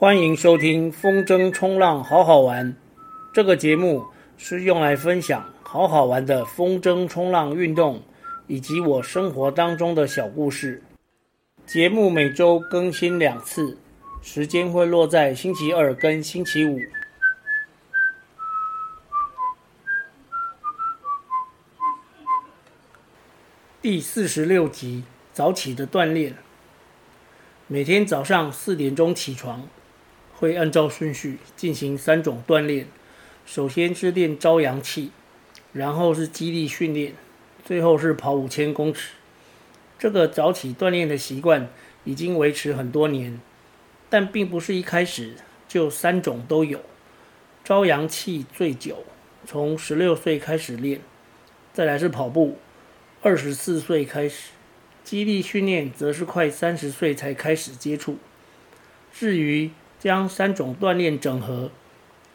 歡迎收聽風箏衝浪，好好玩。這個節目是用來分享好好玩的風箏衝浪運動，以及我生活當中的小故事。節目每周更新兩次，時間會落在星期二跟星期五。第四十六集：早起的鍛鍊。每天早上四點鐘起床。會按照順序進行三種鍛鍊，首先是練朝陽氣，然後是肌力訓練，最後是跑五千公尺。這個早起鍛鍊的習慣已經維持很多年，但並不是一開始就三種都有。朝陽氣最久，從十六歲開始練，再來是跑步，二十四歲開始，肌力訓練則是快三十歲才開始接觸。至於，將三種鍛鍊整合，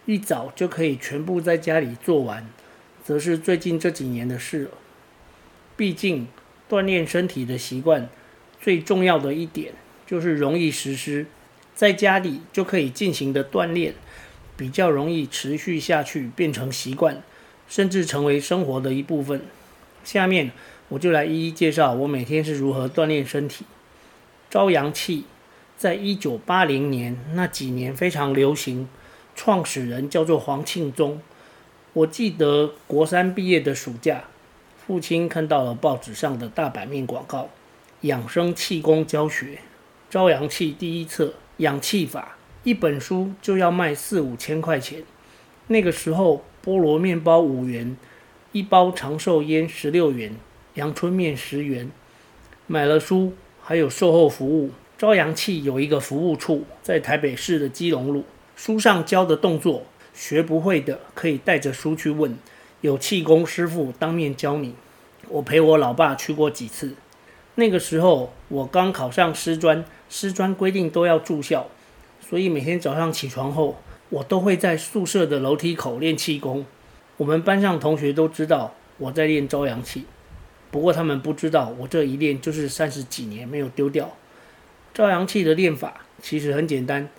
一早就可以全部在家裡做完，則是最近這幾年的事了，畢竟，鍛鍊身體的習慣最重要的一點就是容易實施，在家裡就可以進行的鍛鍊，比較容易持續下去，變成習慣，甚至成為生活的一部分。下面我就來一一介紹我每天是如何鍛鍊身體。朝陽氣。在一九八零年那幾年非常流行，創始人叫做黃慶忠。我記得國三畢業的暑假，父親看到了報紙上的大版面廣告：養生氣功教學，《朝陽氣第一冊》養氣法，一本書就要賣四五千塊錢。那個時候，菠蘿麵包五元，一包長壽煙十六元，陽春麵十元。買了書，還有售後服務。朝陽氣有一個服務處，在台北市的基隆路。書上教的動作學不會的，可以帶着書去問，有氣功師傅當面教你。我陪我老爸去過幾次。那個時候我剛考上師專，師專規定都要住校，所以每天早上起床後，我都會在宿舍的樓梯口練氣功。我們班上同學都知道我在練朝陽氣，不過他們不知道我這一練就是三十幾年沒有丟掉。朝陽氣的練法其實很簡單，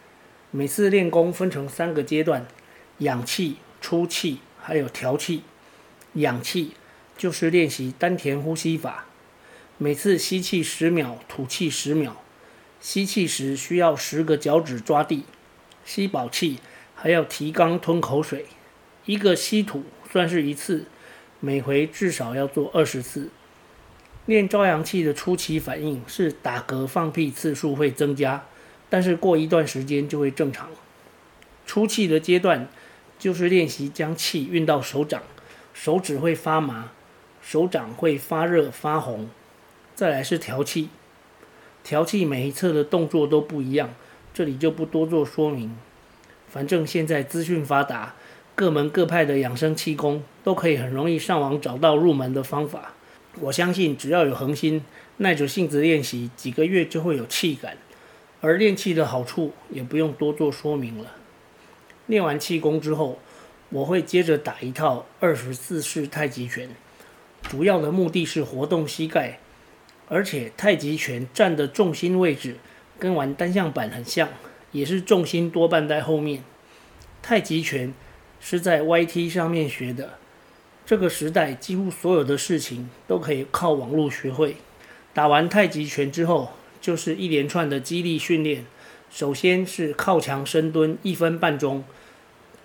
每次練功分成三個階段：養氣、出氣，還有調氣。養氣就是練習丹田呼吸法，每次吸氣十秒，吐氣十秒。吸氣時需要十個腳趾抓地，吸飽氣還要提肛吞口水。一個吸吐算是一次，每回至少要做二十次。練朝陽氣的初期反應是打嗝、放屁次數會增加，但是過一段時間就會正常。初期的階段就是練習將氣運到手掌，手指會發麻，手掌會發熱發紅。再來是調氣，調氣每一側的動作都不一樣，這裡就不多做說明。反正現在資訊發達，各門各派的養生氣功都可以很容易上網找到入門的方法。我相信只要有恆心、耐住性子練習，幾個月就會有氣感。而練氣的好處也不用多做說明了。練完氣功之後，我會接着打一套二十四式太極拳，主要的目的是活動膝蓋。而且太極拳站的重心位置跟玩單向板很像，也是重心多半在後面。太極拳是在 YT 上面學的。這個時代，幾乎所有的事情都可以靠網絡學會。打完太極拳之後，就是一連串的肌力訓練。首先是靠牆深蹲一分半鐘。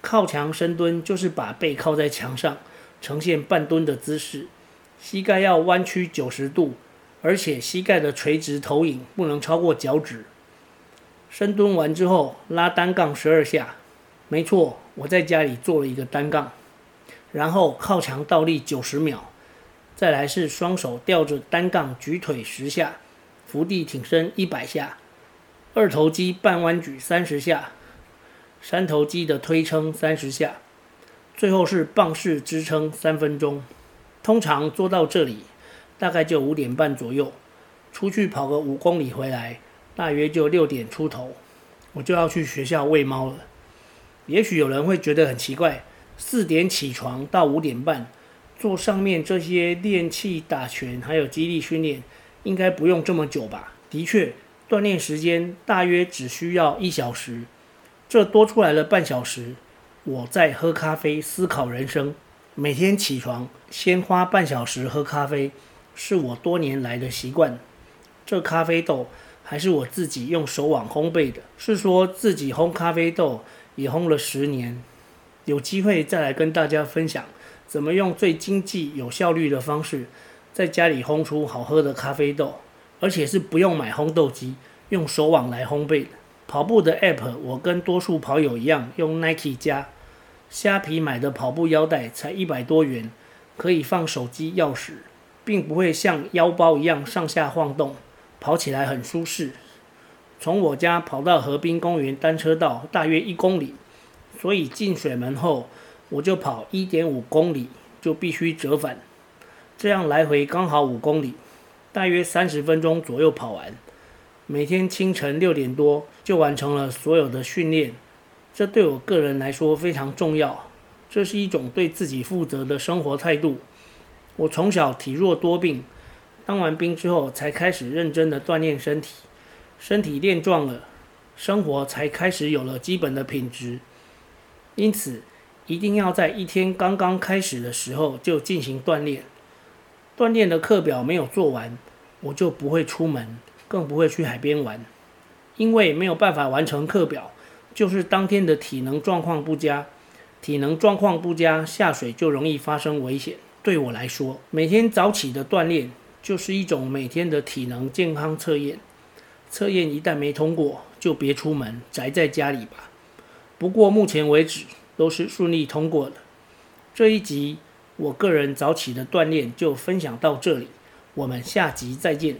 靠牆深蹲就是把背靠在牆上，呈現半蹲的姿勢，膝蓋要彎曲九十度，而且膝蓋的垂直投影不能超過腳趾。深蹲完之後，拉單槓十二下。沒錯，我在家裡做了一個單槓。然後靠牆倒立九十秒，再來是雙手吊着單槓舉腿十下，伏地挺身一百下，二頭肌半彎舉三十下，三頭肌的推撐三十下，最後是棒式支撐三分鐘。通常做到這裡，大概就五點半左右，出去跑個五公里回來，大約就六點出頭，我就要去學校餵貓了。也許有人會覺得很奇怪。四點起床到五點半，做上面這些練氣、打拳還有肌力訓練，應該不用這麼久吧？的確，鍛鍊時間大約只需要一小時，這多出來了半小時，我在喝咖啡思考人生。每天起床先花半小時喝咖啡，是我多年來的習慣。這咖啡豆還是我自己用手網烘焙的，是說自己烘咖啡豆也烘了十年。有機會再來跟大家分享，怎麼用最經濟、有效率的方式，在家裡烘出好喝的咖啡豆，而且是不用買烘豆機，用手網來烘焙的。跑步的 APP，我跟多數跑友一樣用 Nike 家，蝦皮買的跑步腰帶，才一百多元，可以放手機、鑰匙，並不會像腰包一樣上下晃動，跑起來很舒適。從我家跑到河濱公園單車道，大約一公里。所以進水門後，我就跑一點五公里，就必須折返，這樣來回剛好五公里，大約三十分鐘左右跑完。每天清晨六點多就完成了所有的訓練，這對我個人來說非常重要。這是一種對自己負責的生活態度。我從小體弱多病，當完兵之後才開始認真的鍛鍊身體，身體練壯了，生活才開始有了基本的品質。因此，一定要在一天剛剛開始的時候就進行鍛鍊。鍛鍊的課表沒有做完，我就不會出門，更不會去海邊玩。因為沒有辦法完成課表，就是當天的體能狀況不佳。體能狀況不佳，下水就容易發生危險。對我來說，每天早起的鍛鍊就是一種每天的體能健康測驗。測驗一旦沒通過，就別出門，宅在家裡吧。不過目前為止都是順利通過的。這一集，我個人早起的鍛鍊就分享到這裡，我們下集再見。